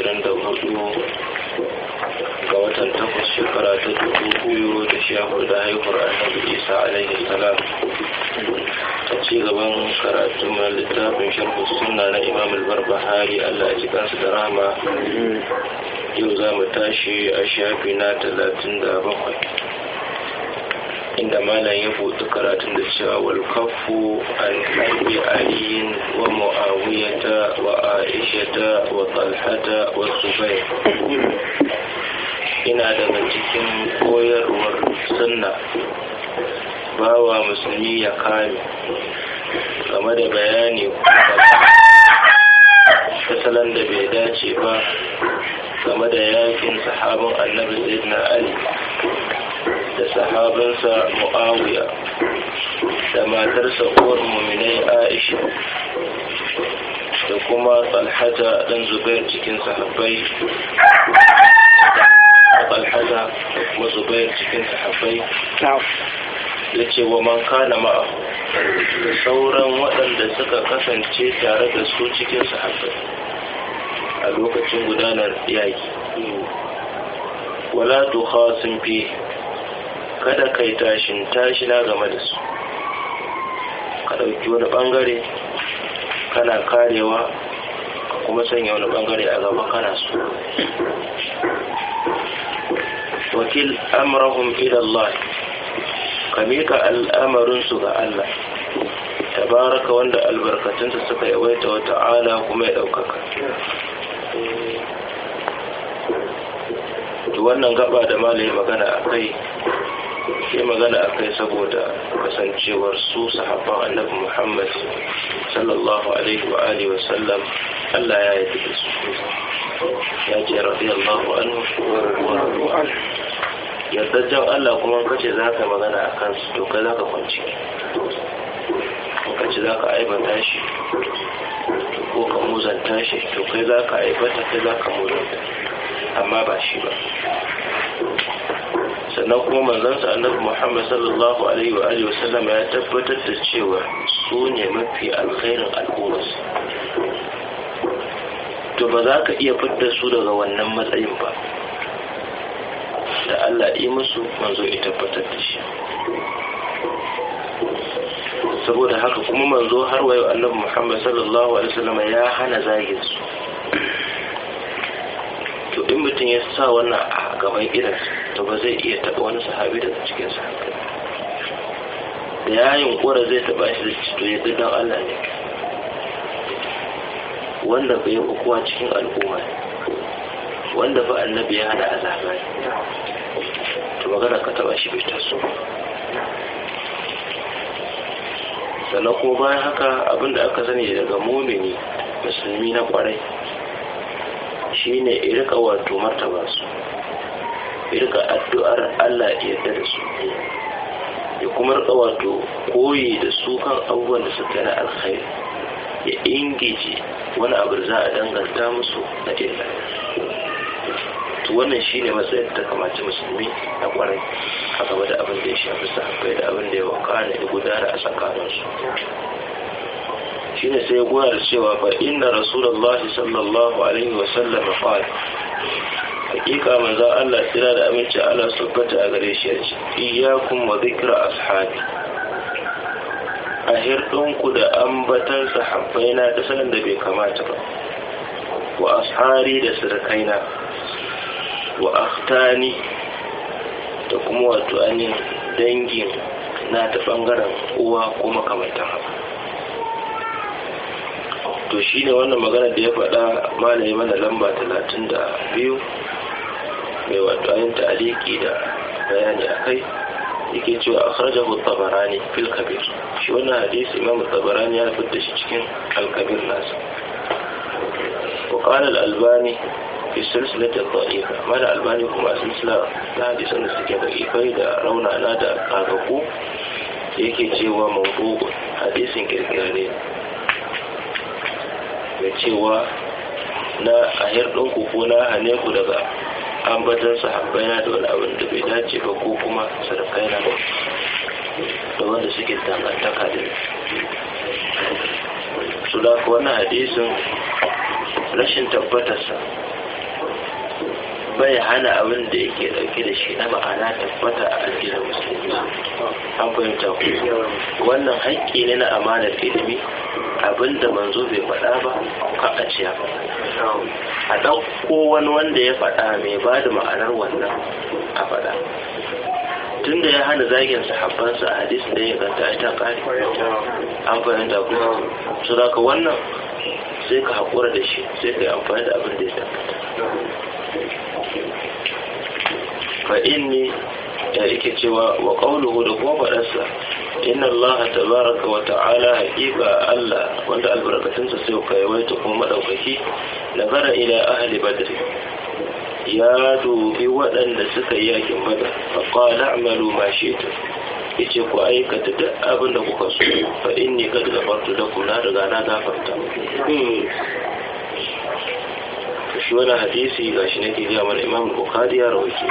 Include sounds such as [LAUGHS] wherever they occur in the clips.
ashirin da hudu ga watan takwas shekara ta dubu biyu da sha hudu haihuwar annabi isa alaihi salam ta ci gaban karatun na littafin sharhu suna na imam al-barbahari allah ya ji kansu da rama yau za mu tashi a shafi na talatin da bakwai inda malam ya buɗe karatun da cewa wal kafu an abi aliyin wa mu'awiyata wa aishata wa talhata wa zubair ina daga cikin koyarwar sunna bawa musulmi ya kame game da bayani fasalan da bai dace ba game da yakin sahabin annabi sayyidina ali da sahabansa mu'awiya da matarsa uwar muminai aisha da kuma talhata dan zubair cikin sahabbai talhata da kuma zubair cikin sahabbai ya ce wa man kana ma'a da sauran waɗanda suka kasance tare da su cikin sahabbai a lokacin gudanar yaki wala tukhasin fi kada kai tashin tashina game da su ka ɗauki wani ɓangare kana karewa kuma sanya wani ɓangare a gaba kana su wakil amurahun Idallah ka mika al'amarinsu ga Allah tabaraka wanda albarkatunsa suka yawaita wa ta'ala kuma ya ɗaukaka wannan gaba da malaye magana a kai ya magana a kai saboda kasancewar su sahabban annabi muhammad sallallahu alaihi wa alihi wa sallam allah ya yi da su ya ce radiyallahu anhu wa yardajjen allah kuma kace za ka magana a su to kai za ka kwanci kace za ka aibata shi ko ka muzanta shi to kai za ka aibata kai za ka muzanta amma ba shi ba sannan kuma manzansa annabi muhammad sallallahu alaihi wa alihi wasallam ya tabbatar da cewa su ne mafi alkhairin al'ummarsa to ba za ka iya fitar su daga wannan matsayin ba da allah yi musu manzo ya tabbatar da shi saboda haka kuma manzo har wayo annabi muhammad sallallahu alaihi wasallam ya hana zagin su to in mutum ya sa wannan a gaban irinsa to ba zai iya taɓa wani sahabi daga cikin sahabbai da ya yunkura zai taɓa shi da to ya dan Allah ne wanda ba yi ukuwa cikin al'umma wanda ba annabi ya hada azaba to magana ka taɓa shi bai taso sannan kuma bayan haka abinda aka sani daga mumini musulmi na kwarai shine irka wato martaba su ya rika addu'ar Allah ya da su ya kuma rika wato koyi da su kan abubuwan da suka na alkhairi ya ingije wani abu za a danganta musu na illa to wannan shine matsayin ta kamata musulmi na kwarai a gaba da abin da ya shafi sahabbai da abin da ya wakana ya gudana a tsakaninsu shine sai ya goya da cewa fa inna rasulullahi sallallahu alaihi wa sallam qala hakika manzo Allah sira da aminci Allah subbata a gare shi yace iyyakum wa dhikra ashabi a ku da ambatan sahabbaina da sanin da bai kamata ba wa ashari da sirkaina wa akhtani da kuma wato anin dangin na ta bangaren uwa kuma makamantan haka to shi ne wannan magana da ya faɗa malami mana lamba talatin da biyu mai wato ayin ta'aliki da bayani a akai yake cewa akhrajahu tabarani fil kabir shi wannan hadisi imam tabarani ya fitta shi cikin al-kabir nasa wa qala al-albani fi silsilati dha'ifa mala albani kuma silsila da hadisan da suke da ifai da raunana da kagaku yake cewa mawdu'u hadisin kirkirare mai cewa na ahir ɗinku ko na hane ku daga su sahabbai na da wani abin da bai dace ba ko kuma sadakai na da wanda suke dangantaka da su da wannan hadisin rashin tabbatarsa bai hana abin da yake dauke da shi na ma'ana tabbata a aljihar musulmi an fahimta ku wannan haƙƙi ne na amanar ilimi Abin da manzo bai faɗa ba ka a ce ya faɗa a ɗauko wani wanda ya faɗa mai ba da ma'anar wannan a faɗa tun da ya hana zagin su a hadis da ya ganta ita ƙari an fahimta kuma su ka wannan sai ka haƙura da shi sai ka yi amfani da abin da ya tabbata fa inni ya yake cewa wa qawluhu da kuma faɗarsa inna allaha tabaraka wa ta'ala haqiqa allah wanda sa sai ka yawaita kuma madaukaki nazara ila ahli badri ya dubi waɗanda suka yi yakin fa qala a'malu ma shi'tum yace ku aikata duk abin da kuka so fa inni kula da lakum na riga na gafarta hmm. shi wani hadisi gashi nake ga mana imam bukhari ya rawaki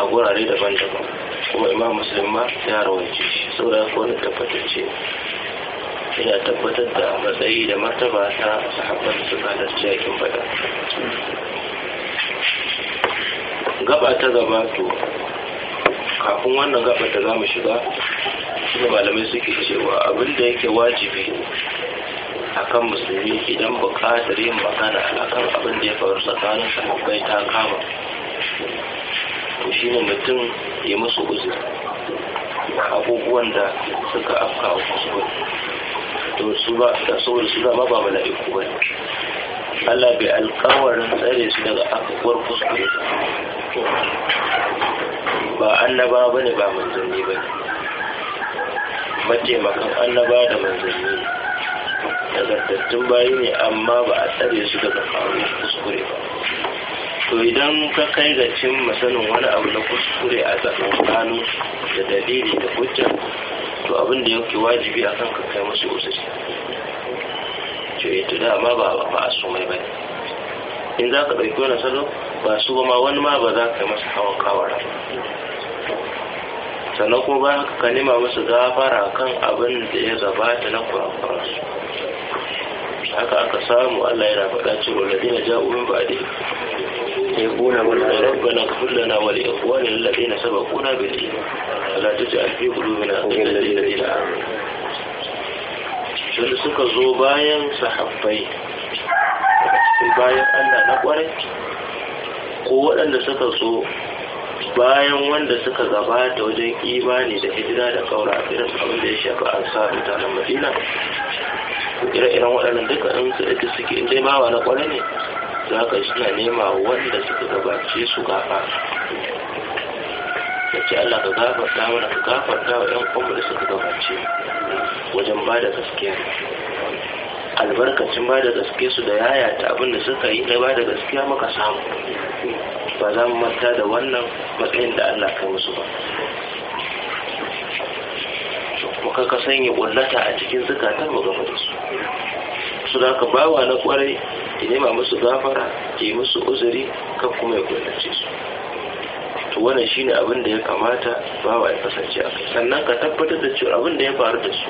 a gurare daban-daban kuma imam muslim ya rawaice shi saboda ko ne tabbatacce ina tabbatar da matsayi da martaba ta sahabban su halarci yakin bada gaba ta gaba to kafin wannan gaba ta za mu shiga shine malamai suke cewa abin da yake wajibi akan musulmi idan bukatar yin magana akan abin da ya faru tsakanin sahabbai ta kama to shi ne mutum ya musu uzuri abubuwan da suka afka wa kusurin to su ba da saboda su zama ba mala'iku ba Allah bai alkawarin tsare su daga afuwar kuskure ba annaba ba ne ba manzanni ba ne mataimakan annaba da manzanni nagartattun bayi ne amma ba a tsare su daga faruwar kuskure ba to idan ka kai ga cin masanin wani abu na kuskure a tsakanin da dalili da hujja to abin da yake wajibi a kan ka kai musu usuri to ita eh, dama ba ba a su mai bane in za ka ɗauki wani salo ba su ba ma wani ma ba za ka yi masa hawan kawara sannan kuma ba haka ka nema musu gafara kan abin da ya ta na kurakuransu haka aka samu Allah yana faɗa cewa ladina ja'u min ba'di يكون منها ربنا اغفر لنا ولإخواننا الذين سبقونا بالإيمان لا تجعل في قلوبنا غلا للذين آمنوا sun suka zo bayan sahabbai cikin bayan Allah na kware? ko waɗanda suka zo bayan wanda suka gabata wajen imani da hijira da kaura irin abin da ya shafi ansa da mutanen madina ire-iren waɗannan duka in su suke in dai bawa na kwarai ne za ka suna nema wanda suka gabace su gafa da ce Allah ka gafarta mana ka gafarta wa ‘yan kwanmu da suka gabace wajen ba da gaskiya albarkacin ba da gaske su da yaya ta abin da suka yi na ba da gaske maka samu ba za mu manta da wannan matsayin da Allah ka musu ba muka ka sanya ƙullata a cikin zukatan mu gaba da su su da ka bawa na kwarai ya nema musu gafara ya yi musu uzuri kan kuma ya kullace su to wannan shine abin da ya kamata bawa ya kasance a kai sannan ka tabbatar da cewa abin da ya faru da su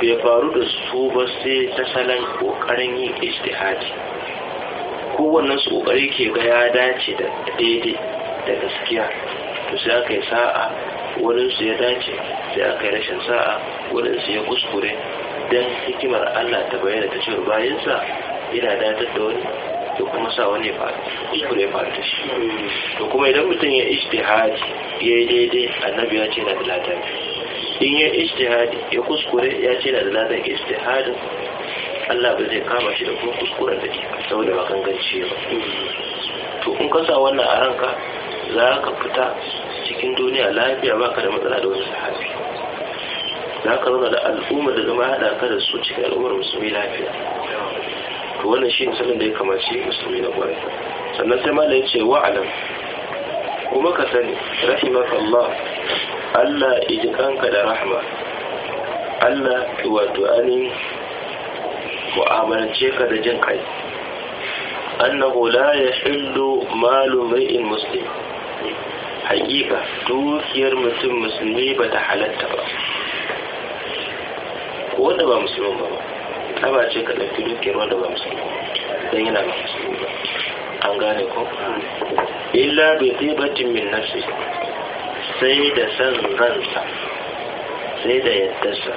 bai faru da su ba sai ta salon kokarin yin ijtihadi kowanne su kokari ke ga ya dace da daidai da gaskiya to sai aka yi sa'a wurin su ya dace sai aka yi rashin sa'a wurin su ya kuskure dan hikimar Allah ta bayyana ta cewa bayansa yana datar da wani to kuma sa wani kuskure ya faru da shi to kuma idan mutum ya ijtihadi ya yi daidai annabi ya ce na da ladan in ya ijtihadi ya kuskure ya ce na da ladan ijtihadin Allah ba zai kama shi da kuma kuskuren da ke saboda ba ganganci ba to in ka sa wannan a ranka za ka fita cikin duniya lafiya ba ka da matsala da wani sahabi za ka zauna da al'umma da zama haɗa ka da su cikin al'ummar musulmi lafiya to wannan shi misalin da ya kamace musulmi na kwarai sannan sai malam ce wa'alam kuma ka sani rahimaka Allah Allah iji kanka da rahma Allah wato anin mu'amalance ka da jin kai annahu la yahillu malu mai'in muslim haƙiƙa dukiyar mutum musulmi ta halatta ba ko wanda ba musulmi ba ba ba ce ka filin ke wanda ba ba, don yana ba musulmi ba an gane ko illa bai batin min nafsi sai da san ransa sai da yaddarsa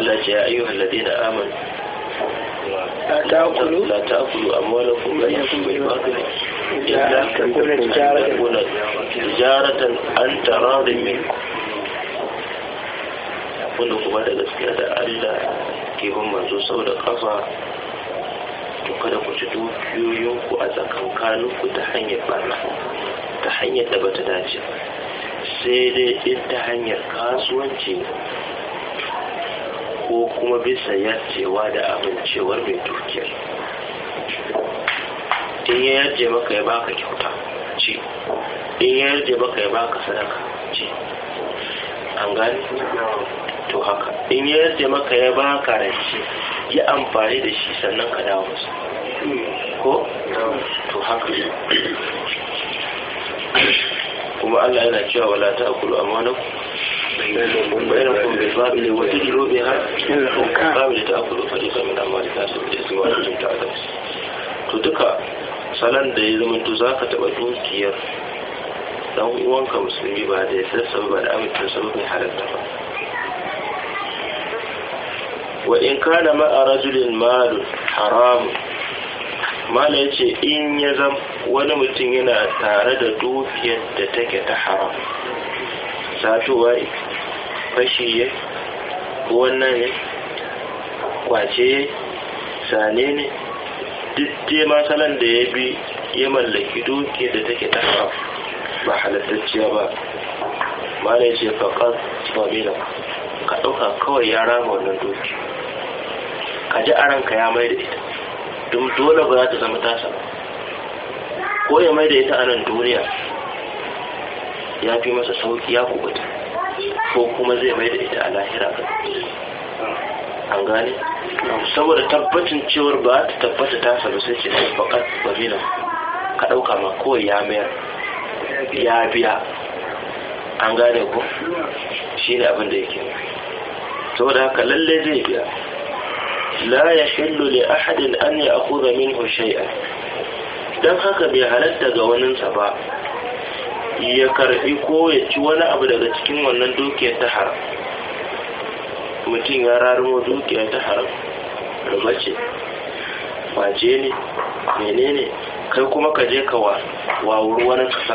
Allah ce ya kulu ladina amanu لا تأكلوا لا تأكلوا أموالكم بينكم بالباطل إلا تكون jaratan an tara da منكم wanda kuma da gaskiya da allah ke bin manzo sau da kafa to kada ku ci dukiyoyinku a tsakankaninku ta hanyar barna ta hanyar da bata dace sai dai in ta hanyar kasuwanci ko kuma bisa yarcewa da amincewar mai dukiyar in ya yarje maka ya baka kyauta ce in ya yarje maka ya baka sadaka ce an gani to haka in ya yarda maka ya ba ka rance yi amfani da shi sannan ka dawo masa ko to haka kuma Allah yana cewa wala ku? Ba Ba bai bai wata jiro ta'kulu amanakum بينكم بالباطل وتجروا بها amma تأكل فريقا من أموال الناس da وأنتم تعلمون to duka salon da ya zamanto za ka taɓa dukiyar dan uwanka musulmi ba da ya sa ba da amincin sa mai halatta ba wa in kana ma'a rajulin malu haramu mala ya ce in ya zam wani mutum yana tare da dukiyar da take ta haram satuwa fashi ya wannan ya kwace ya sane ne duk masalan da ya bi ya mallaki dukiyar da take ta haram ba halattacciya ba mala ya ce faƙar ka ɗauka kawai ya rama wannan dukiyar ka ji a ranka ya mai da ita don dole ba za ta zama tasa ko ya mai da ita a nan duniya ya fi masa sauki ya kubuta ko kuma zai mai da ita a lahira ga an gane saboda tabbacin cewar ba ta tabbata tasa ba sai ce sai fakat babila ka ɗauka ma kowai ya mayar ya biya an gane ko shi ne abin da yake saboda haka lallai zai biya la yahillu li ahadin an ya'khudha minhu shay'an dan haka bai halatta ga waninsa ba ya karbi ko ya ci wani abu daga cikin wannan dukiyar ta haram mutum ya rarumo dukiyar ta haram rubace waje ne menene kai kuma ka je ka wawuri wani kasa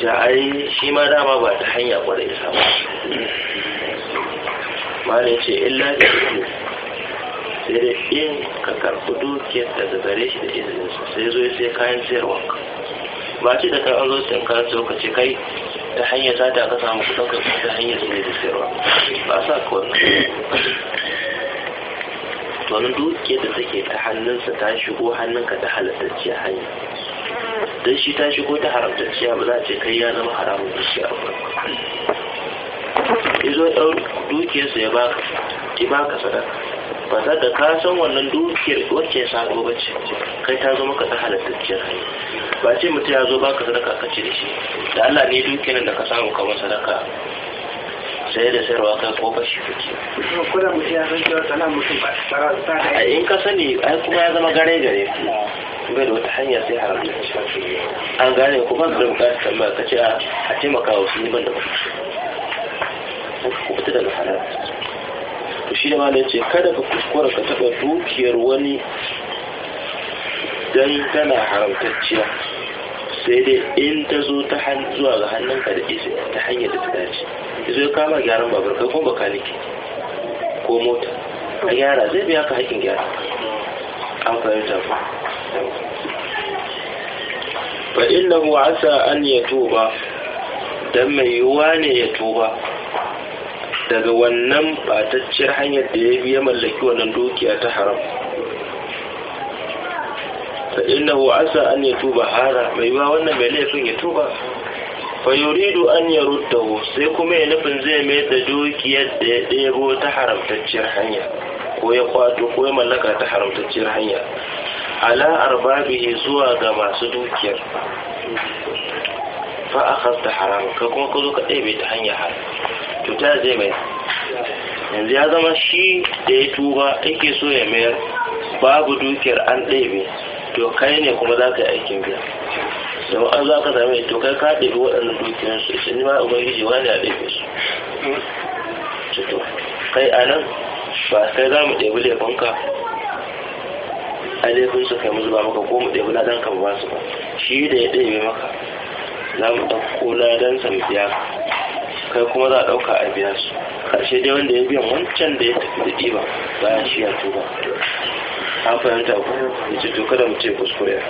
ce ai shi ma dama ba ta hanya kwarai samu mana ya ce illa da sai da in ka karfi dukiyar ta gare shi da izinin su sai zo sai kayan sayarwa ba ce da kan zo sai kayan sayarwa ka ce kai ta hanyar za ta ka samu kuɗin ka ta hanyar zai da sayarwa ba sa ka wannan wani dukiyar da take ta hannunsa ta shigo hannunka ta halattacciya hanya don shi ta shigo ta haramtacciya ba za a ce kai ya zama haramun dukiya ba izo ɗau dukiyarsa ya baka ya baka sadaka ba za da ka san wannan dukiyar wacce ya sako ba ce kai ta zama ka ta halattacciyar hanya ba ce mutum ya zo baka sadaka ka ci da shi da Allah ne dukiyar da ka samu kamar sadaka sai da sayarwa kan ba shi kake in ka sani ai kuma ya zama gare gare bai da wata hanya sai haramta an gane kuma da bukatar ba ka ce a taimaka wasu ban da ba ka kuɓuta daga halaka to shi da ma ce kada ka kuskura ka taɓa dukiyar wani dan tana haramtacciya sai dai in ta zo ta zuwa ga hannunka da isi ta hanyar da ta dace zo ya kama gyaran babur kai kuma baka ko mota a gyara zai biya ka haƙin gyara an fahimta ba. fa innahu asa an ya yatuba dan mai yiwuwa ne ya tuba daga wannan batacciyar hanyar da ya biya mallaki wannan dukiya ta haram fa innahu asa an yatuba hada mai ba wannan mai laifin ya tuba fa yuridu an yaruddahu sai kuma ya nufin zai mai da dukiyar da ya ɗebo ta haramtacciyar hanya ko ya kwato ko ya mallaka ta haramtacciyar hanya ala arbabihi zuwa ga masu dukiyar fa akhadta haram ka kuma ka zo ka ɗebe ta hanya haram cuta zai mai yanzu ya zama shi da ya tuba ake so ya mayar babu dukiyar an ɗebe to kai ne kuma za ka yi aikin biya domin an za ka zama to kai ka ɗebi waɗannan dukiyar su sun ma ubangiji ne a ɗebe su to kai a nan ba kai za mu ɗebi laifinka a laifin su kai musu ba maka ko mu ɗebi ladan kan ba su ba shi da ya ɗebe maka za mu ɗauko ladansa mu biya kai kuma za a ɗauka a biya su ƙarshe dai wanda ya biyan wancan da ya tafi da ɗiba bayan shi ya tuba an fahimta ku da ce to kada mu kuskure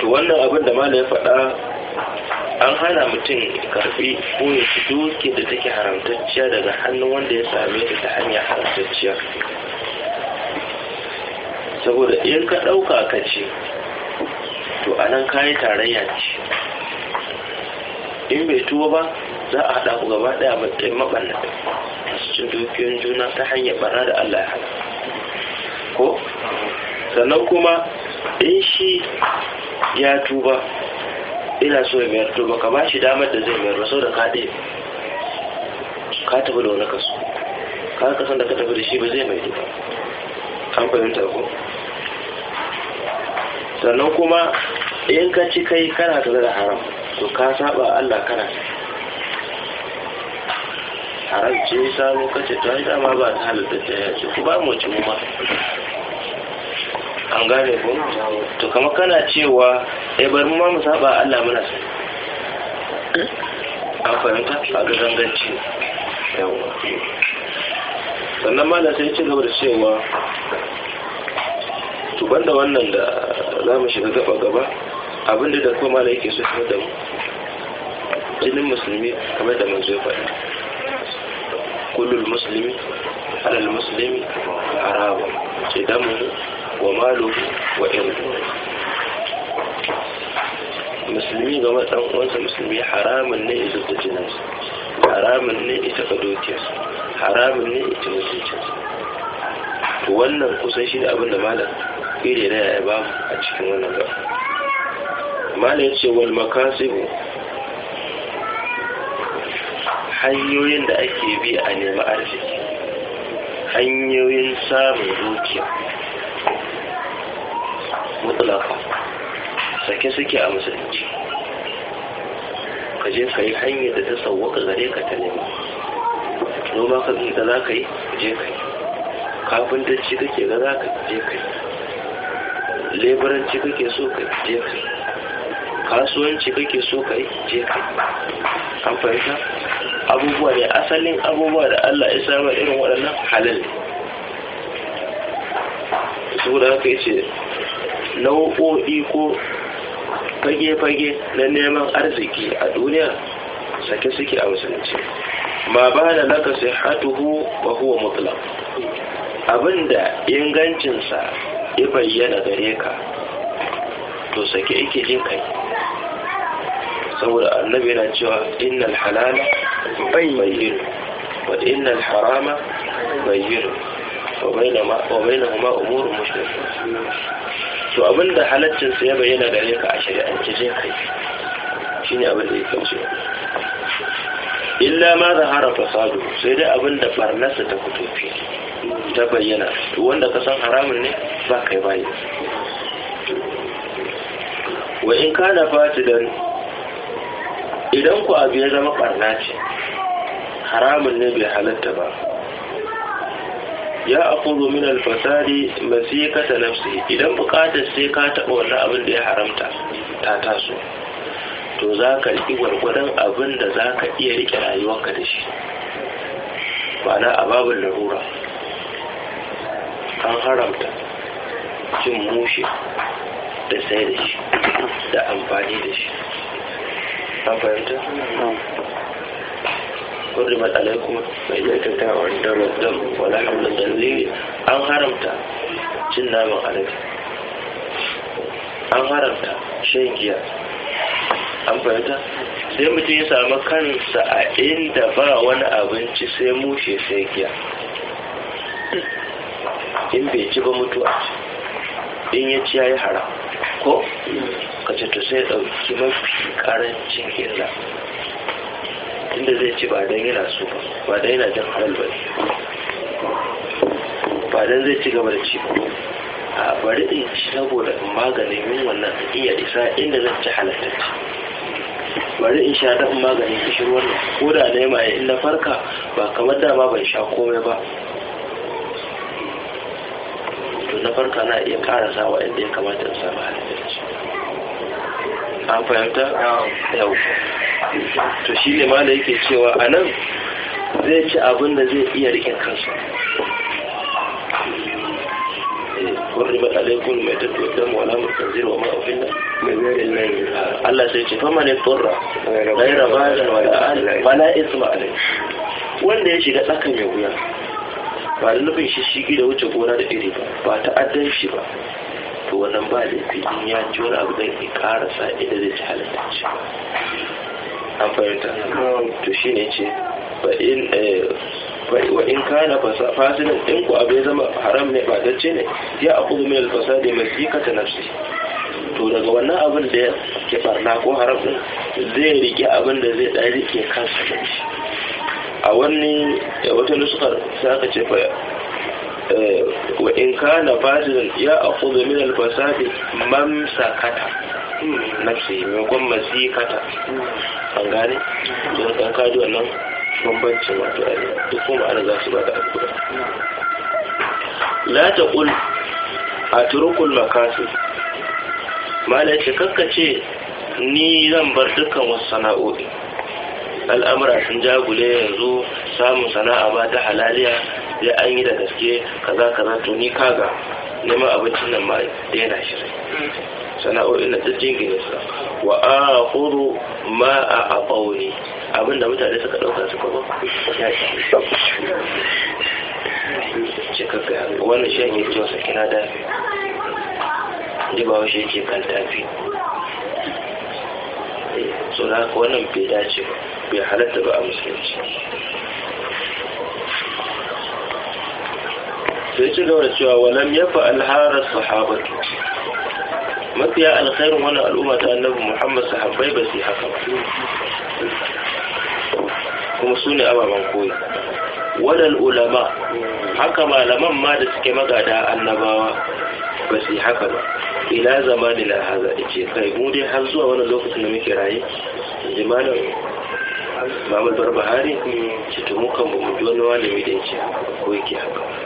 to wannan abin da mala ya faɗa an hana mutum karɓi ko ya ci duke da take haramtacciya daga hannun wanda ya same ta ta hanyar haramtacciya saboda in ka ɗauka ka ce to anan kayi tarayya ce in bai tuba ba za a haɗa ku gaba ɗaya matsayin maɓanna masu cin dukiyoyin juna ta hanyar barna da Allah ya hana ko sannan kuma in shi ya tuba ina so ya mayar tuba ka ba shi damar da zai mayar sau da ka ɗaya ka tafi da wani kasu ka san da ka tafi da shi ba zai mai tuba an fahimta ko sannan kuma in ka ci kai kana tare da haramu to ka saba Allah kana haram ce samu kace to ai dama ba ta halatta ta ya ce ku ba mu ci mu ba. an gane ko to kamar kana cewa eh bari mu ma mu saba Allah muna so A fahimta a ga zanganci yawa sannan da sai ci gaba da cewa to banda wannan da za mu shiga gaba gaba abinda da kuma mala yake so ya da jinin musulmi kamar da manzo ya faɗi kullul musulmi halal musulmi haramu ce damu wa malu wa irdu musulmi ga dan uwansa musulmi haramun ne ya da jinin haramun ne ya taɓa dukiyarsa haramun ne ya ci wannan kusan shi ne abin da malam ƙire na ya ba a cikin wannan gaba malin ce wal makasibu hanyoyin da ake bi a nemi arziki hanyoyin samun dukiya mutlaka sake suke a musulunci ka je ka yi hanyar da ta sauwaka gare ka ta nema noma ka ga za ka yi je ka yi kafintanci kake ga za ka je ka yi leburanci kake so ka je ka yi kasuwanci kake so ka yi je kai an fahimta abubuwa ne asalin abubuwa da Allah ya saba irin waɗannan halal ne saboda haka yace nau'o'i ko fage-fage na neman arziki a duniya sake suke a musulunci ma ba da laka sai hatuhu wa huwa mutlaq abinda ingancinsa ya bayyana gare ka to sake yake jin kai saboda annabi yana cewa innal halala bayyin wa innal harama bayyin wa bainahuma wa bainahuma umurun mushrikah to abinda halaccin sa ya bayyana gare ka a shari'ance je kai shine abin da yake cewa illa ma zahara fasadu sai dai abinda barnasa ta fito fili ta bayyana to wanda ka san haramun ne ba kai bayi wa in kana fatidan idan ku abu ya zama barna ce haramun ne bai halatta ba ya aku domin alfasari masikata nafsi idan bukatar sai ka taɓa wani abin da ya haramta ta taso to za ka riƙi gwargwadon abin da za ka iya riƙe rayuwanka da shi ba a ababin larura an haramta cin mushe da sai da shi da amfani da shi ka fahimta حرمت عليكم ميتة والدم الدم ولحم الخنزير أن حرمت جنا من عليك أن حرمت شيء جيا an fahimta sai mutum ya samu kansa a inda ba wani abinci sai mushe sai giya in bai ci ba mutuwa in ya ci ya yi haram ko mm. ka ce to sai ɗauki mafi ƙarancin illa inda zai ce ba don yana so ba dan don yana jan halal ba ne ba don zai ci gaba da ci a bari in ci saboda in maganin min wannan iya isa inda zan ci ci bari in sha dan maganin kishin wannan ko da na yamaye in na farka ba kamar dama ban sha komai ba to na farka na iya sawa inda ya kamata in samu halattacci an fahimta yau to shi ne ma da yake cewa a nan zai ci abin da zai iya rikin kansu wani matsalai kun mai tattalin mu wala mu kan zirwa ma ofin da Allah sai ce fama ne turra dai rabajan wala Allah bala isma alai wanda ya shiga tsakan mai wuya ba da nufin shi shi gida wuce gona da iri ba ba ta shi ba to wannan ba da fitin ya ci wani abu zai iya karasa idan zai ci halitta ci an fahimta to shi ne ce eh, wa in kana fasilin in ku abu ya zama haram ne ba dace ne ya aku min da mai sikata nafsi to daga wannan abin da ya ke farna ko haram din zai rike abin da zai ɗari rike kansa da shi a wani wata nusukar sa ka ce fa Eh, wa in kana fasidan ya aqudu min al-fasadi mamsakata nafsi mai kwan masikata an gane don kan kaji wannan bambancin wato duk kuma ana za su ba da alƙura la ta ƙul a turukul makasi malai ce kakkace ni zan bar dukkan wasu sana'o'i al'amura sun jagule yanzu samun sana'a ba ta halaliya sai an yi da gaske kaza kaza to ni kaga neman abincin nan ma daina shi sana'o'in na duk gini su wa a huru ma a abauni abinda mutane suka ɗauka su kuma ya ce kaga wani shi yake cewa sa kira dafi ji ba shi ke kan dafi eh, so na wannan bai dace ba bai halatta ba a musulunci sai ci gaba da cewa walam ya fa alhara sahabatu mafiya alkhairin wannan al'umma ta annabi muhammad sahabbai ba su haka kuma su ne ababen koyi wadal ulama haka malaman ma da suke magada annabawa ba su haka ba ila zamani na haza ce kai mu dai har zuwa wani lokacin da muke raye jimanin mamul barbahari ce to mukan ba mu ji wani malami da yake haka ko yake haka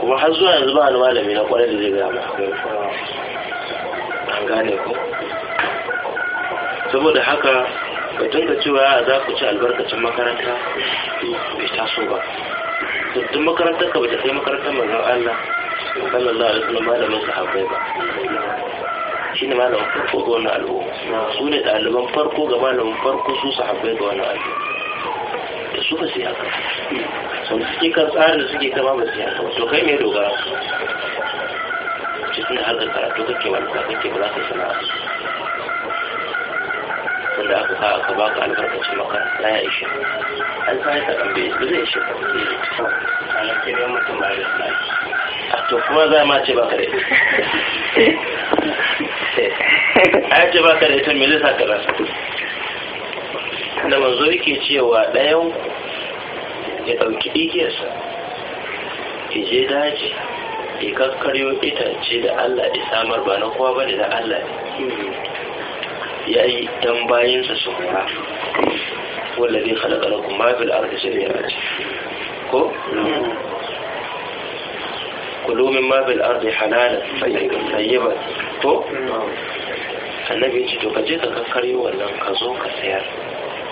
kuma har zuwa yanzu ba wani malami na kwarai da zai gaya ba an gane ku saboda haka batun ka cewa za ku ci albarkacin makaranta bai taso ba duk makarantar ka bata kai makarantar manzon Allah sallallahu alaihi wasallam malamin sahabbai ba shi ne malamin farko ga wannan al'umma su ne ɗaliban farko ga malamin farko su sahabbai ga wannan al'umma su ba su yi haka sau da tsarin da suke kama ba su yi haka to kai mai dogara cikin harkar karatu kake wani ba kake ba za ka sana'a wanda aka sa ka baka maka na ya ishe an sa ta ɗan bai zai ishe ka ana ce ga mutum ba da sana'a a ah, to kuma za ma ce baka da ita a [LAUGHS] ce baka da ita me zai sa ka rasa da manzo yake cewa ɗayan ya ɗauki igiyarsa ya je daji ya kakkaryo itace da Allah ya samar ba na kowa bane da Allah ya yi dan bayansa su hura wanda zai halaka na kuma fil arda ce ko kulu min ma bil ardi halala tayyiba ko annabi ya ce to ka je ka kakkaryo wannan ka zo ka sayar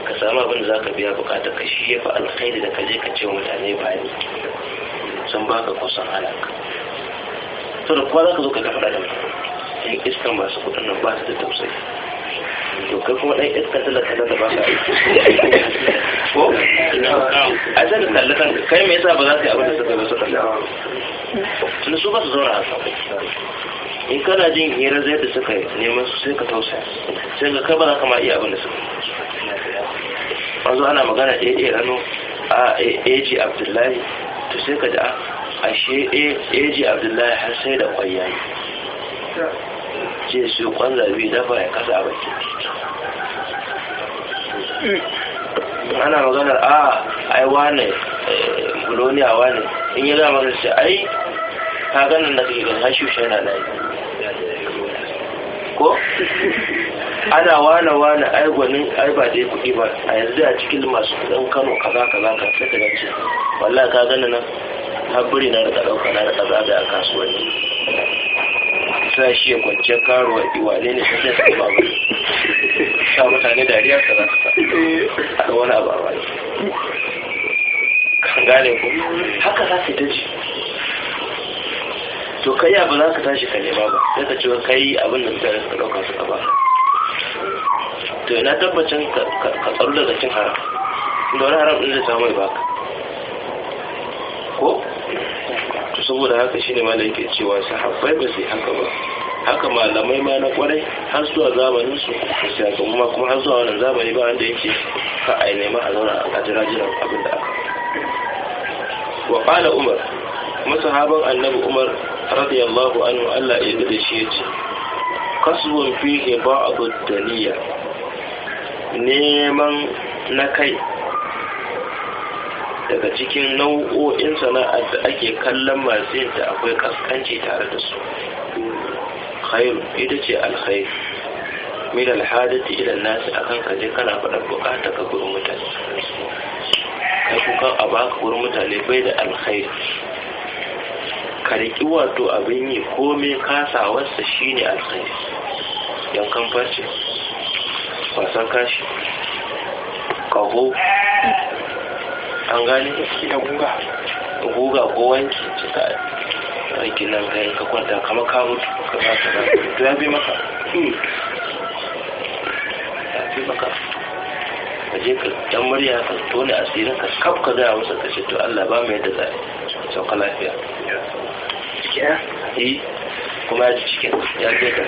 ka samu abin da za ka biya bukatar ka shi ya fi alkhairi da ka je ka ce mutane ba sun baka kusan sun hana to da kuma za ka zo ka ga faɗa da mutum iskan masu kuɗin nan ba su da tausayi to kai kuma ɗan iska talaka da ba ka ko a sai ka kalli kanka kai me yasa ba za ka yi abin da suka zo ba? tun su ba su zauna a kan in kana jin hira zai da suka yi neman su sai ka tausaya sai ga kai ba za ka ma iya abin da suka yi an zo ana magana a Rano a AG Abdullahi to sai ka da a ashe AG Abdullahi har sai da kwayayi ce su kwan zabi dafa ya kasa a bakin titi ana maganar a ai wane buloniya eh, wane in yi zama sai ai ka ganin da kake gan hashi shi yana da ko ana wane wane ai gwanin ai ba dai kuɗi ba a yanzu a cikin masu kuɗin kano kaza kaza ka sai ka ci, wallahi ka gani nan habburi na rika ɗauka na rika zaga a kasuwanni sa shi ya kwanciyar a iwane ne sai sai ba ba sa mutane dariya ka za ka sa a wani abu a kan gane ku haka za ka ta to kai abu za ka tashi ka nema ba sai ka ce kai abin da mutane suka ɗauka suka ba to ina tabbacin ka tsaro daga cin haram da wani haram ɗin da samu ya baka ko to saboda haka shi ne mana yake cewa sahabbai ba sai yi haka ba haka malamai ma na kwarai har zuwa zamanin su su haka kuma kuma har zuwa wannan zamani ba wanda yake ka a nema a zauna a jira jira abin da aka wa qala umar masahaban annabi umar radiyallahu anhu Allah ya yarda da shi yace kasbun fihi ba'd ad-daniya neman na kai daga cikin nau'o'in sana'ar da ake kallon masu yin ta akwai kaskanci tare da su khair ita ce alkhair min alhadati ila nasi akan ka je kana faɗar bukata ka gurin mutane kai kuka a baka gurin mutane bai da alkhair ka riƙi wato abin yi komai kasawarsa shine alkhair yankan farce kwasan kashi kaho an gane da guga guga ko wanki cika aiki nan ka ka kwanta kama ka mutu ka ba ta ba [LAUGHS] ya bi maka hmm. ya bi maka ka je ka dan murya ka tone asirin ka kaf ka gaya masa ka to Allah ba mai da zai sauka lafiya eh. kuma ya ji cikin ya je ka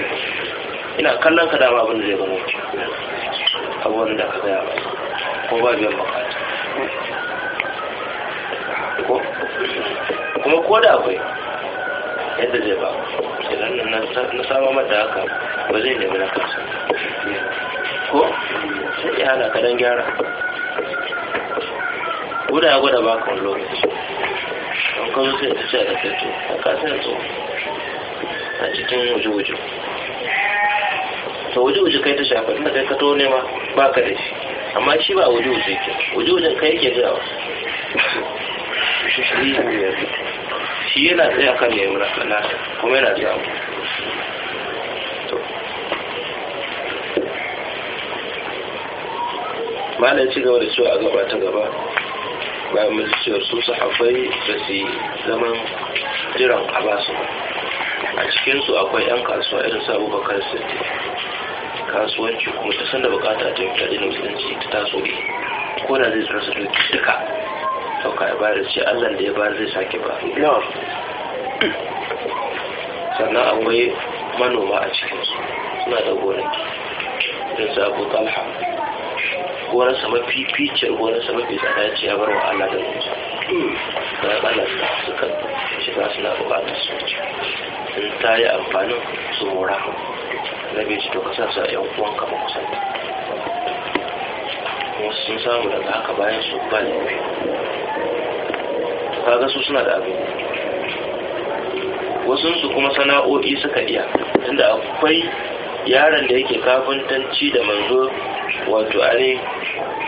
ina kallon ka dama abin da zai gano wuce abubuwan da ka gaya mai ko ba biyan bukata kuma ko da akwai yadda zai ba idan na samu mata haka ba zai nemi na kansa ko sai ya hana kadan gyara guda ya gwada baka wani lokaci don kan sai ta ce da fito a kasar to a cikin wuce-wuce ta waje waje kai ta shafa inda kai ka to nema ba ka da shi amma shi ba waje waje ke waje wajen kai yake gawa shi yana tsaye kan ya yi kana kuma yana tsaye malam ci gaba da cewa a gaba ta gaba bayan mun cewar su sahabbai da su zaman jiran a basu a cikinsu akwai 'yan kasuwa irin sabu bakar sirri kasuwanci kuma ta sanda bukata ta fita da musulunci ta taso ne ko da zai su doki duka sauka ya bayar ce allah da ya bayar zai sake ba sannan akwai manoma a cikinsu suna da gonaki da sabu abu gonarsa mafi ficiyar gonarsa mafi tsada ya ce ya bar wa Allah da musa da ya su suka su na buƙatar su in ta yi amfanin su mora na bai ci doka sa su a yan uwan kama kusan. wasu sun samu daga haka bayan su ba ne kaga su suna da abin wasunsu kuma sana'o'i suka iya tunda akwai yaron da yake kafintanci da manzo wato ne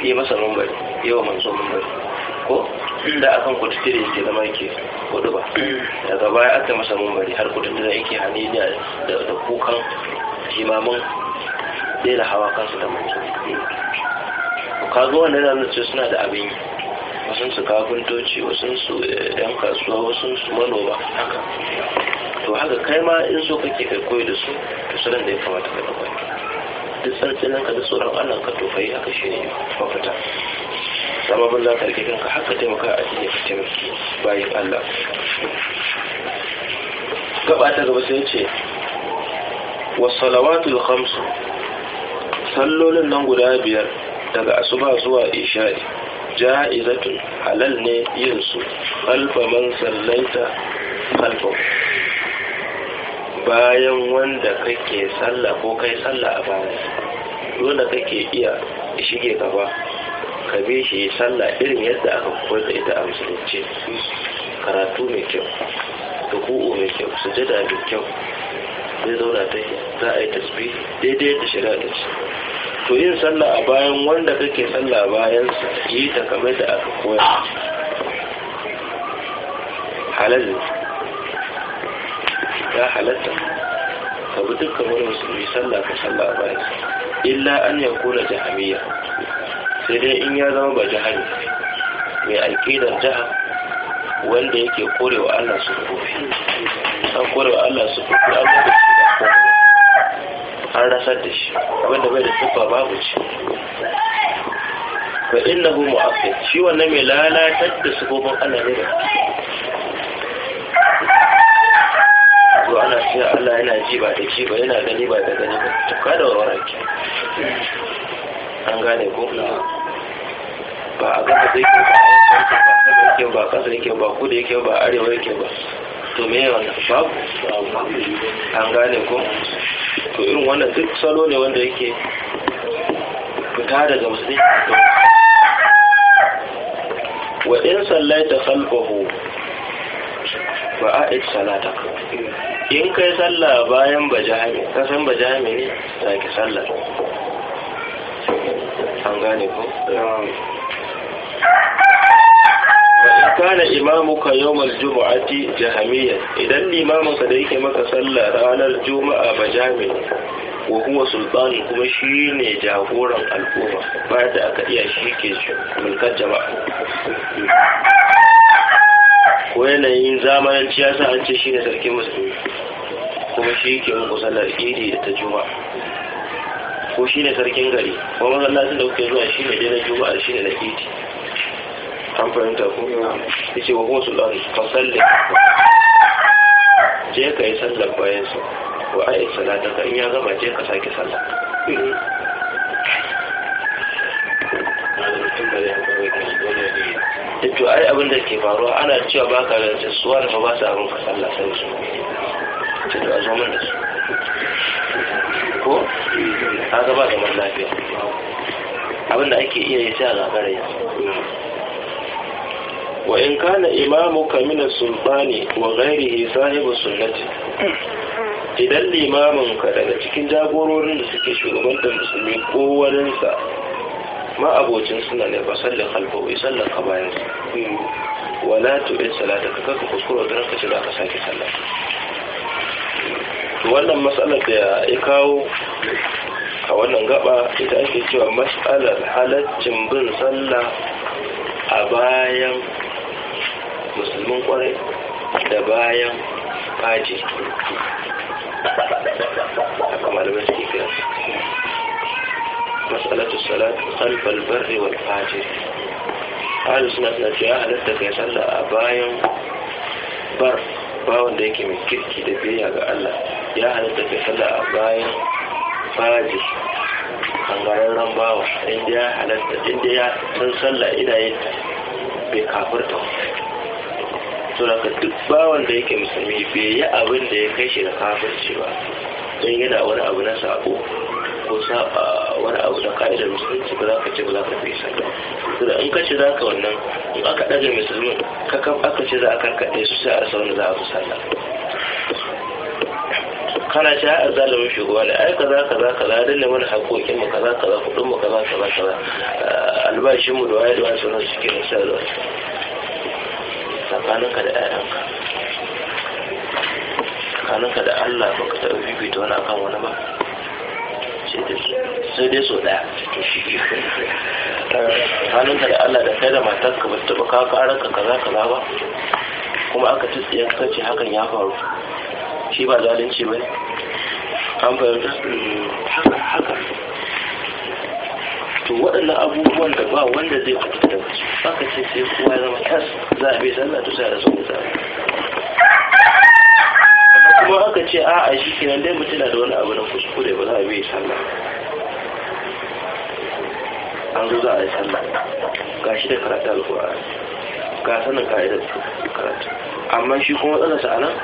yi masa mambari yawan manzo mambari ko da akan kututture yake zama yake kudu ba daga baya aka masa mambari har da yake hani da kukan jimamin daina hawa kansu da manzo ka zo wanda na nace suna da abin yi wasu su kafintoci wasu su eh, yan kasuwa wasu su manoma haka to haka kai ma in so kake kai koyi da su to su da ya kamata ka dauka duk sansanin ka da tsoron Allah ka tofa yi haka shi ne mafita sababin za ka rike kanka haka taimaka a cikin ka taimaki bayan Allah gaba ta gaba sai ce wasalawatul khamsu sallolin nan guda biyar daga asuba zuwa isha'i ja'izatun halal ne yin su kalfa man sallaita kalfa bayan wanda kake sallah ko kai sallah a baya dole kake iya shige gaba ka bi shi sallah irin yadda aka koyar da ita a musulunci karatu mai kyau ruku'u mai kyau sujada mai kyau zai zauna ta za a yi tasbih daidai da shirya da shi to yin sallah a bayan wanda kake sallah bayan sa yi ta kamar da aka koyar halal ya halatta ka bi dukkan wani musulmi sallah ka sallah bayan illa an ya kula jahamiyya sai dai in ya zama ba jahami mai alƙidar jaha wanda yake korewa Allah su kofi an korewa Allah su kofi an da shi da kofi an rasar da shi wanda bai da tuffa babu ci fa innahu mu'affid shi wannan mai lalatar da sufofin Allah ne da ana cewa Allah yana ji ba da ji ba yana gani ba da gani ba to ka da warware ki an gane ko ba a gaba da yake ba yake ba kasa yake ba kudu yake ba arewa yake ba to me wannan babu an gane ko to irin wannan duk salo ne wanda yake fita daga musulmi wa in sallaita khalfahu fa a'id salataka in kai sallah bayan bajami kasan bajami ne za ki sallah an gane ko kana imamuka jahamiya idan limamin ka da yake maka sallah ranar juma'a bajami ko kuma sultani kuma shi ne jagoran al'umma ba da aka iya shi ke mulkar jama'a ko yanayin zamananci ya an ce shi ne sarkin musulmi kuma shi ke musallar sallar idi da ta juma ko shi ne sarkin gari ko masallacin da kuke zuwa shi ne dai na juma'a shi ne na idi an fahimta ko ya ce wa kuma su ɗan fasalle je ka yi sallar bayan su wa a yi salata ka in ya gama je ka sake sallar to ai abin da ke faruwa ana cewa ba ka da tsuwa da fa ba su abin ka sallah sai su ce da zo mun da su ko ka ga ba zaman lafiya abin da ake iya yi sai a gagara yi wa in kana imamu min sulbani wa ghairihi sahibu sunnati idan limamin ka daga cikin jagororin da suke shugabantar musulmi ko wadansa ma abocin suna ne ba salli khalfahu ya sallan ka bayan su wala in salata ka kaka kuskura da ranka ce za ka sake sallah wannan matsalar da ya kawo a wannan gaba ita ake cewa matsalar halaccin bin sallah a bayan musulmin kwarai da bayan faji a suke masu مسألة الصلاة خلف البر والفاجر أهل السنة نتيا هلتا كي صلى أبايم بر باون ديكي من كيركي دبيا الله يا هلتا كي صلى أبايم فاجر kangararren bawa inda ya halatta inda ya san sallah ina yin bai kafurta to ka duk bawan da yake musulmi bai yi abin da ya kai shi da kafirci ba don yana wani abu na sabo ko wani abu na ka'idar musulunci ba za ka ce ba za ka fi sai sallah da in ka ce za ka wannan in aka ɗaga musulmi ka kan aka ce za a kan kaɗe su sai a rasa wanda za a fi sallah kana ce a zalimin shugaba ne ai kaza kaza kaza danne mana haƙoƙin mu kaza kaza kuɗin mu kaza kaza kaza albashin mu da waye da waye sunan suke da sallah tsakaninka da ƴaƴanka tsakaninka da Allah baka taɓa fifita wani akan wani ba ce da shi sai dai so daya to shi ke da Allah da kai da matarka ba su taɓa kawo ƙararka kaza kaza ba kuma aka ci tsiyan kace hakan ya faru shi ba zalunci ba ne an fahimta haka haka to waɗannan abubuwan da ba wanda zai fita da wasu aka ce sai kowa ya zama tas za a bai sallah to sai a rasu musa kuma aka ce a'a shi kenan dai mutum na da wani abu na kuskure ba za a bai sallah an zo za a yi sallah ga shi da karatu alkur'ani ga sanin ka'idar karatu amma shi kuma sa anan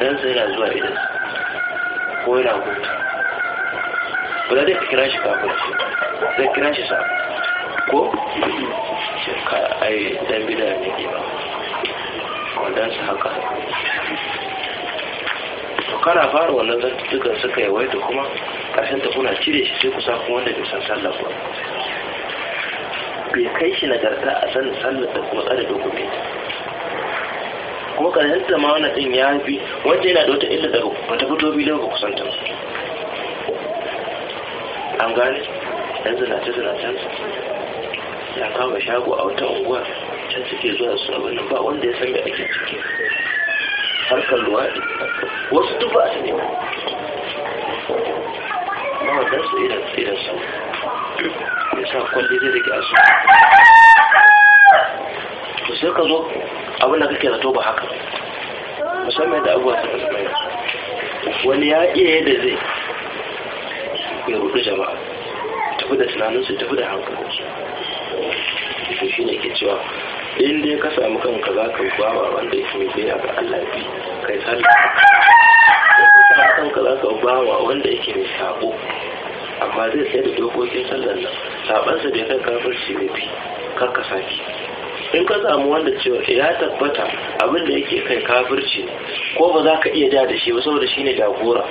nan sai yana zuwa idan ko yana hutu ba za ta kira shi kafin zai kira shi sa ko shi ka ai dan bida ne ba sa haka kana fara wannan zantukan suka yawaita kuma ƙarshen ta kuna cire shi sai kusa kuma wanda bai san sallah ba bai kai shi nagarta a sanin sallar da kuma tsare dokokin kuma ƙarshen ta ma wannan ɗin ya fi wanda yana da wata illa da wata fito da ba kusanta an gane ɗan zinace zinacen ya kama shago a wata unguwa can suke zuwa su abin ba wanda ya san me ake ciki harkar luwaɗi wasu duk su ne ma wadda su irin da su ya sa kwalli zai rike a su to sai ka zo abin da kake zato ba haka musamman da abubuwa suka zama yanzu wani ya iya yadda zai ya rudu jama'a tafi da tunaninsu tafi da hankalinsu to shi ne ke cewa in dai ka samu kanka za ka yi bawa wanda ya mai biyayya ga Allah bi kai sallah ka samu kanka za ka yi bawa wanda yake mai sabo amma zai sai da dokokin sallar nan sabansa bai kai shi ne fi kar ka saki in ka samu wanda cewa ya tabbata abin da yake kai kafirci ne ko ba za ka iya ja da shi ba saboda shi ne jagora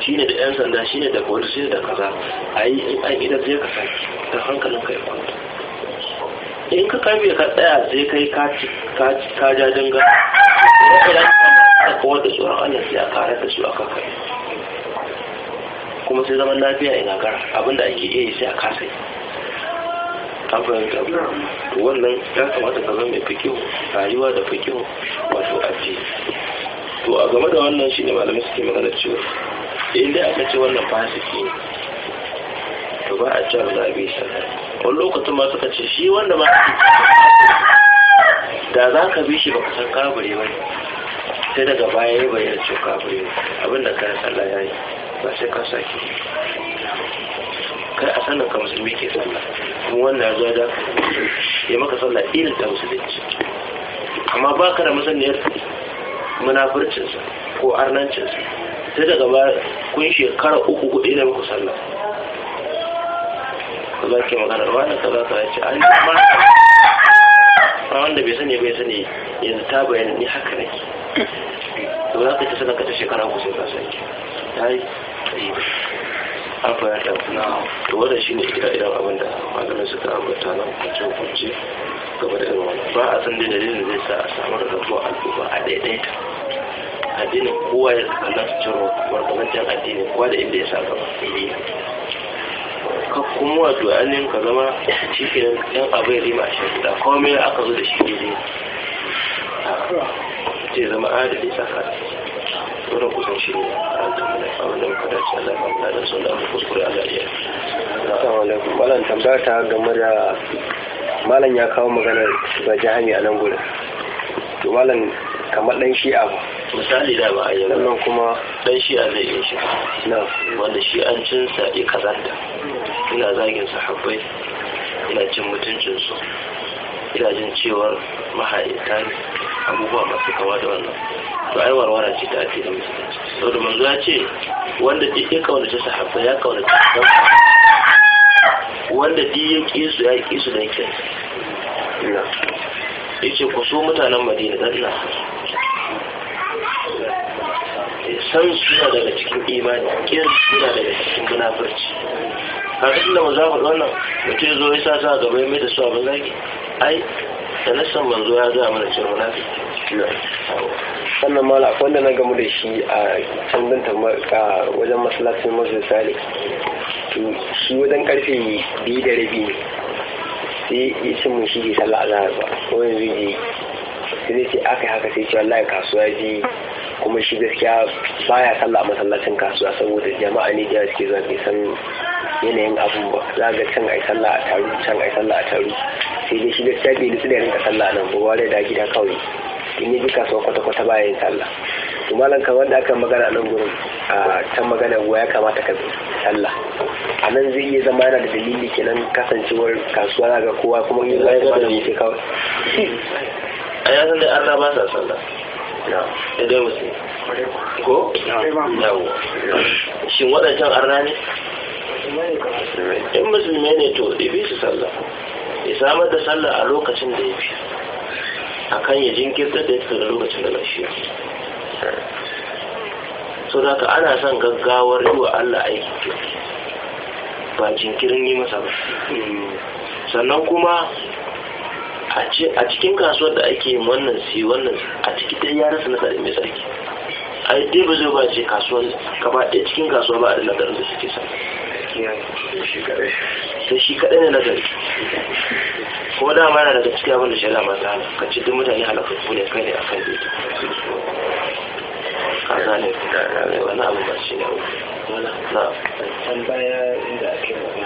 shi ne da yan sanda shi ne da shi ne da kaza yi in an idan zai ka saki ta hankalin ka ya kwanta in ka kame ka tsaya sai kai ka ja danga kawar da tsoron Allah sai a kare da su a kai kuma sai zaman lafiya ya gagara abinda ake iya sai a kasa an fahimta to wannan ya kamata ka zama mai fikihu rayuwa da fikihu wato ce to a game da wannan shine malamai suke magana cewa in dai aka ce wannan fasiki ne to ba a cewa za a bi Wa lokacin ma suka ce shi wanda ma da za ka bi shi ba ka san kabure ba sai daga baya ya bayyana cewa kabure abin da kayan sallah ya yi ba sai ka saki kai a sanin ka musulmi ke sallah kuma wannan ya zo da ya maka sallah irin ta musulunci amma ba ka da masaniyar munafurcinsa ko arnancinsa sai daga baya kun shekara uku kuɗi da muku sallah ka za ke magana wani ka za ka ce an yi ba wanda bai sani bai sani yanzu ta bayyana ni haka ne to za ka ci sanar ka ta shekara ku sai ka sake ta yi an fahimta to wannan ne ira idan abin da malamin suka ambata nan kunce kunce game da irin ba a san dina dalilin zai sa a samu rarrabuwar al'umma a daidaita addinin kowa ya kallon su ciro barkamancin addinin, kowa da inda ya sa gaba ka kuma wato ainihin ka zama shi ke nan abu ya zima a shirka komai aka zo da shi daidai ce zama adadi saka wurin kusan shi ne a rantar da abin da muka dace Allah ba ta da sun da abu kuskure a zariya. Assalamu alaikum. Malam tambaya ta game da malam ya kawo maganar ba jihami a nan gudun. To malam kamar dan shi'a ba misali da ba a yi nan kuma dan shi'a zai yi shi na wanda shi'ancinsa ya kazanta ina zagin sahabbai ina cin mutuncinsu ina jin cewar mahaita ne abubuwa masu kawa da wannan to ai warwara ce ta ake da musulunci saboda manzo ya ce wanda duk ya kaunace sahabbai ya kaunace wanda duk ya ƙi su ya ƙi su da yake ya ce ku so mutanen madina dan na san suna daga cikin imani kiyar suna daga cikin munafurci a duk da za mu wannan mutum zo ya sa gaba ya mai da su abin zaki ai da nasan manzo ya a mana cewa munafiki sannan mala akwai wanda na gamu da shi a can din wajen masallacin masu sale to shi wajen karfe biyu da rabi sai ya ci mun shi ke sallah zahar ba ko yanzu je sai ce aka yi haka sai ce wallahi kasuwa ji kuma shi gaskiya baya sallah masallacin kasuwa saboda jama'a ne da suke zafi san yanayin abu ba za ga can ai sallah a taru can ai sallah a taru sai dai shi gaskiya bai nutsu da rinka sallah nan ba wale da gida kawai in yi kasuwa kwata-kwata baya yin sallah to malam kan wanda aka magana nan gurin a can magana ruwa ya kamata ka sallah a nan zai iya zama yana da dalili kenan kasancewar kasuwa na ga kowa kuma yin zai zama da mutu kawai a yasan da allah ba sa sallah da musulmi ko yawo shin waɗancan arna ne in musulmai ne to ibi su sallah ya samar da sallah a lokacin da ya fi a kan ya jinkirta da ya fi lokacin da lafiya so da ka ana son gaggawar yi wa allah aiki ba jinkirin yi masa ba sannan kuma a cikin kasuwar da ake wannan si wannan a ciki ta ya rasa nasarar mai tsarki a yi dai ba zai ba ce kasuwar gaba ɗaya cikin kasuwa ba a da nasarar da suke sa sai shi kaɗai ne Ko kuma ma yana daga cikin abin da shari'a masu hana ka ci duk mutane halakakku ne kai ne a kan daidai ka gane wani abu ba shi ne wani na baya inda ake magana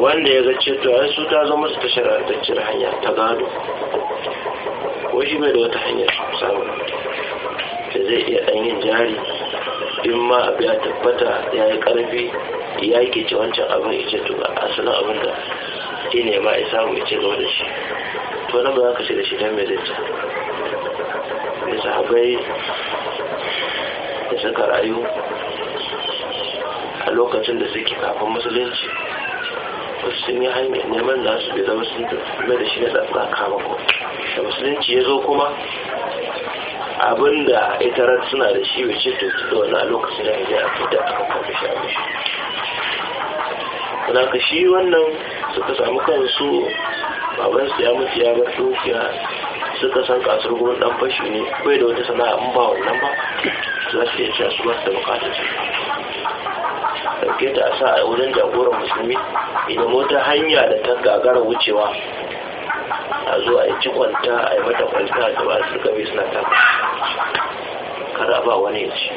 wanda ya ga to ya su ta zo masa ta shara'antacciyar hanya ta gado ko shi bai da wata hanyar samu da zai iya ɗan yin jari in ma abu ya tabbata ya yi ƙarfi ya ke ce wancan abin ya ce to ga asalin abin da ya nema ya samu ya ce zo da shi to na ba za ka ce da shi don mai zai ci da sahabai da suka rayu a lokacin da suke kafin musulunci wasu sun yi hanyar neman da su bai zama sun tafi da shi na tsatsa kama ko da musulunci ya zo kuma da ita ran suna da shi bai ce tuntun da wani a lokacin da ya fi da aka kwafi shi abin shi wadda ka shi wannan suka samu kansu su ya mutu ya bar dukiya suka san kasar gurin dan fashi ne bai da wata sana'a in ba wannan ba za su iya cewa su ba su da bukatar su ɗauke ta a sa a wurin jagoran musulmi idan wata hanya da ta gagara wucewa a zo a yi cikonta a yi mata kwanta da ba su gabe suna ta kada ba wani ya ci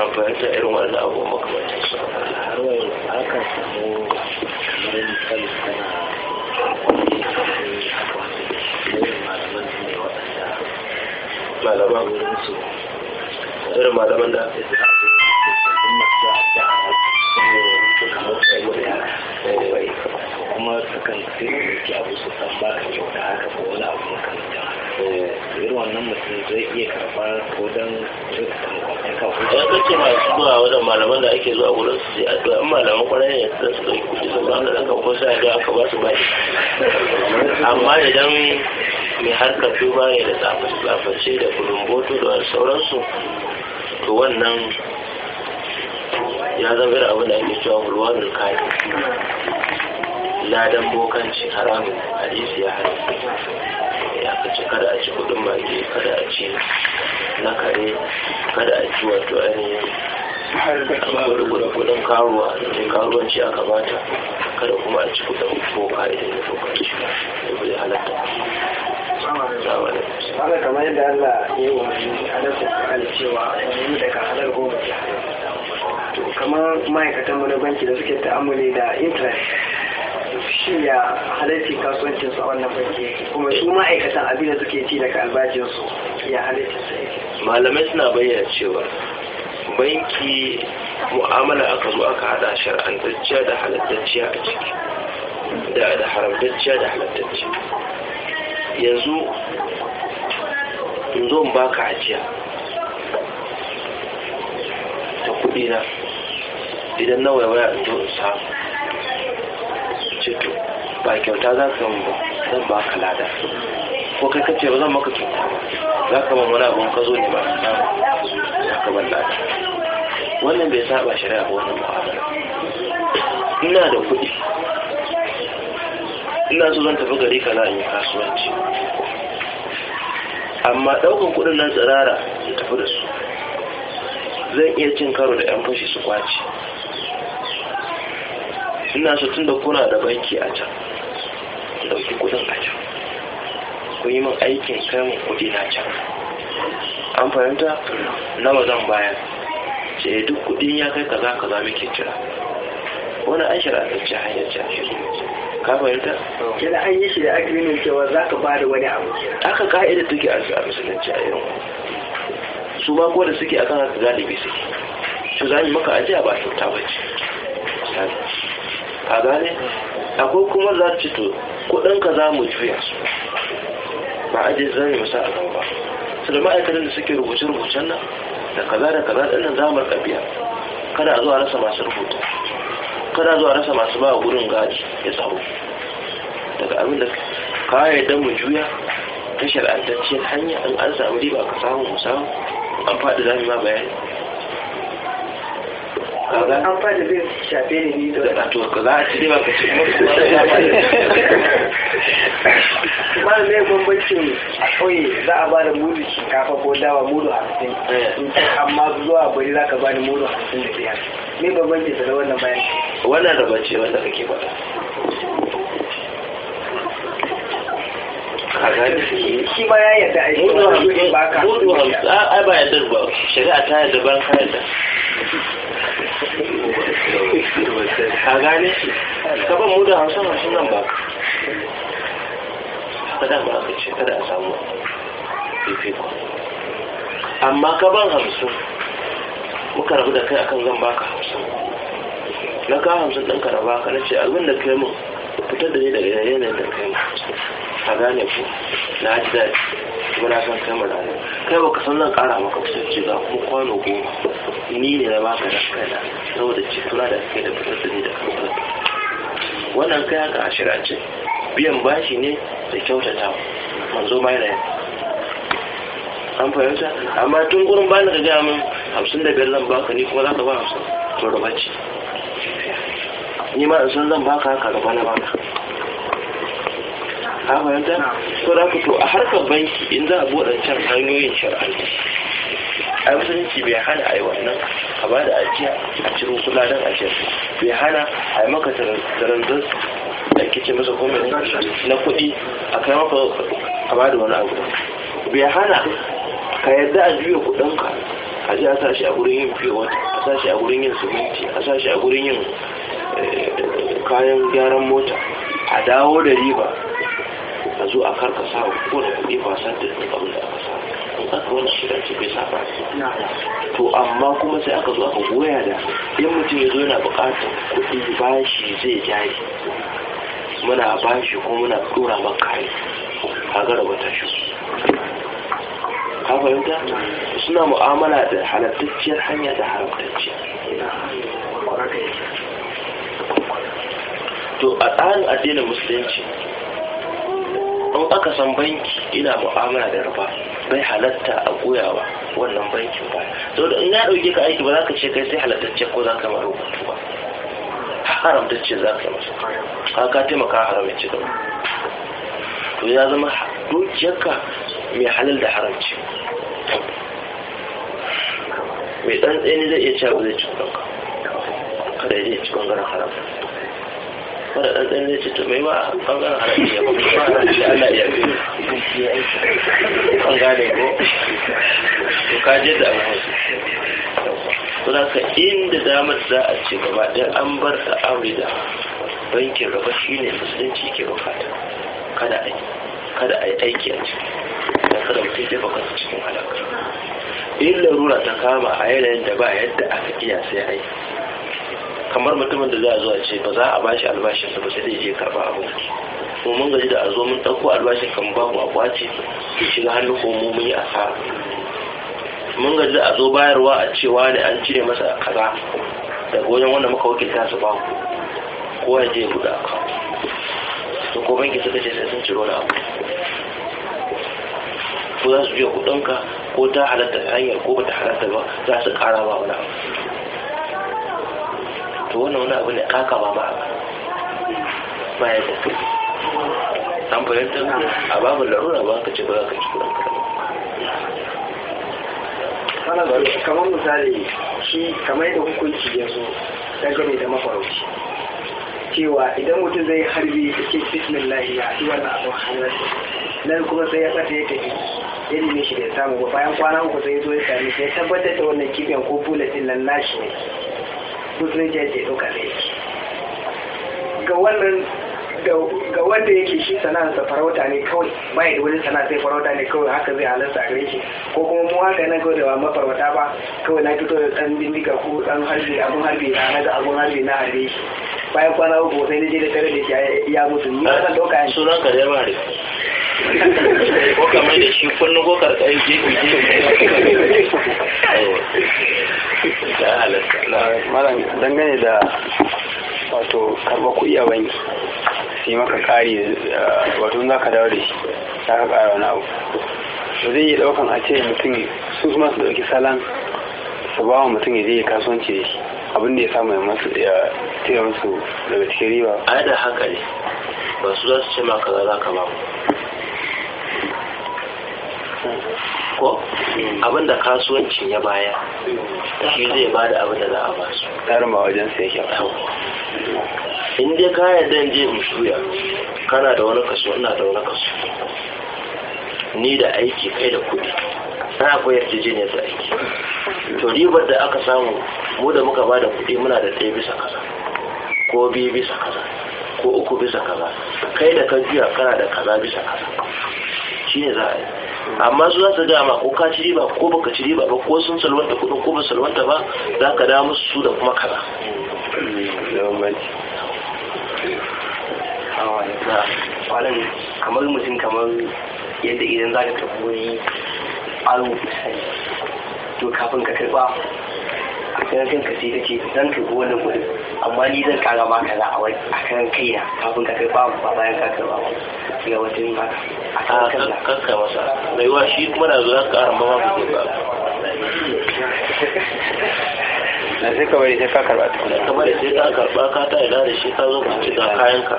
amfani ta irin wani abu makamata su aka samu malaman da kuma sukan taimaki abu su ka eh, zai iya ko masu zuwa wajen malaman da ake zuwa wurin su sai addu'a in malaman kwarai ne da da ka amma idan mai harkar duba ne da tsaface da bulumboto da sauransu to wannan ya zama irin abin da ake cewa hulwanin kayan ladan bokanci haramun hadisi ya haramta ya kace kada a ci kudin baki kada a ci na kare kada a ci wato ainihin kudin karuwa da karuwanci a kamata kada kuma a ci kudin boka idan ya bokanci da bude halatta haka kamar yadda Allah ya yi wa halatta cewa wani daga halar goma ke halar kamar ma'aikatan mu na banki da suke ta'amuli da interest shi ya halarci kasuwancin su a wannan banki kuma su ma'aikatan abin da suke ci daga albajin su ya halarci su malamai suna bayyana cewa banki mu'amala aka zo aka hada shar'antacciya da halattacciya a ciki da da haramtacciya da halattacciya yanzu in zo in baka ajiya ta kudi na idan na waya in zo in samu cito ba kyauta za ka yi ba zan ba ka lada ko kai kace ba zan maka kyauta ba za ka ba wani abin ka zo ne ba ka samu za ka ban lada wannan bai saba shari'a ba wannan mu'amala ina da kuɗi ina so zan tafi gari kaza in yi kasuwanci amma ɗaukar kuɗin nan tsirara ya tafi da su zan iya cin karo da 'yan fashi su kwace ina so tun da kuna da banki a can dauki kudin a can ku yi min aikin kai min kudi na can an fahimta nawa zan bayar ce duk kudin ya kai kaza kaza muke jira wani an shirya shirarci hanyar jahil ka fahimta? yana an yi shi da agreement cewa za ka bada wani abu aka ka'ida take a musulunci a yau su ba da suke a kan galibi suke su za maka ajiya ba kyauta ba ce a gane akwai kuma za ci to kudinka za mu juya su ba a zan yi masa a ba su da ma'aikatan da suke rubuce-rubucen nan da kaza da kaza ɗin nan zamar ƙabiya kada zuwa rasa masu rubuta kada zuwa rasa masu ba gurin gaji ya tsaro daga abin da kawai don mu juya ta shar'antacciyar hanya an samu riba ka samu musamman an faɗi zami ma bayani an fada zai shafe ne ni da za a ci ba ka ci malam ne bambancin za a bada mudu kafa ko dawa mudu hamsin amma zuwa bari za ka bani mudu hamsin da biyar me bambancin da wannan bayan wannan da bace wanda kake faɗa shi ba ya yarda a yi mudu hamsin ba ka ai ba yarda ba shari'a ta yarda ban ka yarda ka gane gaban mu da hausa masu nan ba kada ba ka ce kada a samu fifiko amma gaban hamsin muka rabu da kai akan zan baka hamsin na ka hamsin ɗan karaba ka na ce abin da kai mu fitar da ni daga yanayin da kai mu a gane ku na ji daɗi kuma na san kai mu rana kai ka san zan ƙara maka kusurci ga ko kwano goma ni ne na baka da kaina saboda citura da kai da fitar da kanka wannan kai haka a shirace biyan bashi ne da kyautata manzo da yanzu. an fahimta amma tun gurin bani ka gaya min hamsin da biyar zan baka ni kuma za ka ba hamsin to da bacci ni ma in san zan baka haka gaba na baka an fahimta za da to a harkar banki in za a buɗe can hanyoyin shari'a ai musulunci bai hana a yi wannan a ba da ajiya a cikin kula don ajiyar bai hana a yi maka taranzar da ke ce masa komai na kuɗi a kai maka a ba da wani abu bai hana ka yarda a juya kuɗinka a ji a sashi a gurin yin fiye a sashi a gurin yin siminti a sashi a gurin yin eh, kayan gyaran mota a dawo da riba a zo a karkasa ko da kuɗi fasar da abin da aka samu ruwan shiranci bai saba to amma kuma sai aka zo aka goya da in mutum ya zo yana buƙatar kuɗi bashi zai jari muna bashi kuma muna ɗora man kare a gara wata shi ka fahimta suna mu'amala da halattacciyar hanya da haramtacciya to a tsarin addinin musulunci in aka san banki ina mu'amala da riba bai halatta a koyawa wannan bankin ba so da in ya dauke ka aiki ba za ka ce kai sai halattacce ko za ka ma rubutu ba haramtacce za ka yi masu ka ka taimaka haramin ci to ya zama dukiyarka mai halal da haramci mai ɗan ne zai iya cewa zai ci gaba kada ya ci bangaren haram wanda ɗan tsayin ne ce to bai ba bangaren arabiya ba kuma ana ce Allah ya bi an gane ko to ka je da abu don haka inda damar za a ce gaba ɗaya an bar ta'awuri da bankin raba shine musulunci ke bukata kada a yi kada a yi aiki a ciki da kada mutum jefa kansa cikin halaka in larura ta kama a yanayin da ba yadda aka iya sai a yi. kamar mutumin da za a zo a ce ba za a bashi albashin ba sai dai je karba abu mu mun gaji da a zo mun ɗauko albashin kan ba mu a ki shiga hannu ko mu mun yi asara mun gaji da a zo bayarwa a cewa ne an cire masa kaza daga wajen wanda muka wakilta su ba ku ko ya je buɗe account to ko banki suka ce sai sun ciro na abu ko za su je kuɗinka ko ta halatta hanyar ko ba ta halatta ba za su ƙara ba wani abu to wannan wani abu ne kaka ba ba ba ya da an fahimta a babu larura ba ka ce ba ka ci kuɗin karama kamar misali shi kamar yadda hukunci ya zo dangane da mafarauci cewa idan mutum zai harbi da ke fitnin lahiya a na abin hannarsa nan kuma sai ya tsaka ya tafi ya ne shi da samu ba bayan kwana uku sai zo ya sami sai tabbatar da wannan kibiyan ko bulletin nan nashi ne musulunci ya ce ɗauka ne ga wannan ga wanda yake shi sana'arsa farauta ne kawai bayan wani sana'a sai farauta ne kawai haka zai halarta a gare shi ko kuma mu haka yana kawai da ba mafarauta ba kawai na fito da ɗan bindiga ko ɗan harbi abun harbi na haka abun harbi na harbe shi bayan kwana uku sai na je da tare da shi ya mutu ni ba zan ɗauka yanzu. sunan ka jama'a ko kamar da shi kunnu ko karka yi gefe gefe malam dangane da wato karba kuɗi a banki sai maka ƙari eh, wato za ka dawo da shi za ka ƙara wani abu zai yi ɗaukan a ce mutum su kuma su ɗauki salon su ba wa mutum ya je yi kasuwanci da shi abin da ya samu ya masu ya tira musu daga cikin riba a da haka ne ba su za su ce maka za ka ba ko abin da kasuwancin ya baya shi zai ba da abin da za a ba su tsarin ma wajen sai yake in dai ka yarda je in shuya kana da wani kaso ina da wani kaso ni da aiki kai da kuɗi na akwai yarjejeniyar da aiki to ribar da aka samu mu da muka ba da kuɗi muna da ɗaya bisa kaza ko biyu bisa kaza ko uku bisa kaza kai da ka juya kana da kaza bisa kaza Shi ne za a yi amma su za su gaya ma ko ka ci riba ko baka ci riba ba ko sun salwanta kuɗin ko ba salwanta ba za ka da musu su da kuma kaza kwanan kamar mutum kamar yadda idan za ka tafi aro misali to kafin ka karɓa a kan kanka sai kace zan karɓi wannan kuɗin amma ni zan kara maka kaza a kan kaina kafin ka karɓa ba bayan ka karɓa ba ci gaba yin haka a ah, kan kanka masa mai wa shi kuma na zuwa ka arama ma kuke ba na sai ka bari sai ka karba ta kuma kamar sai ka karba ka ta ina da shi ka zo ka ci ga kayanka.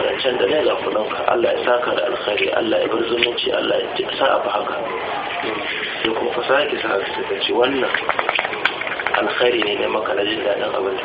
ka can da ne ga kudin ka Allah ya saka da alkhairi Allah ya bar zumunci Allah ya sa abu haka sai kuma fa sake sa su ta ce wannan alkhairi ne da maka na jin daɗin abin da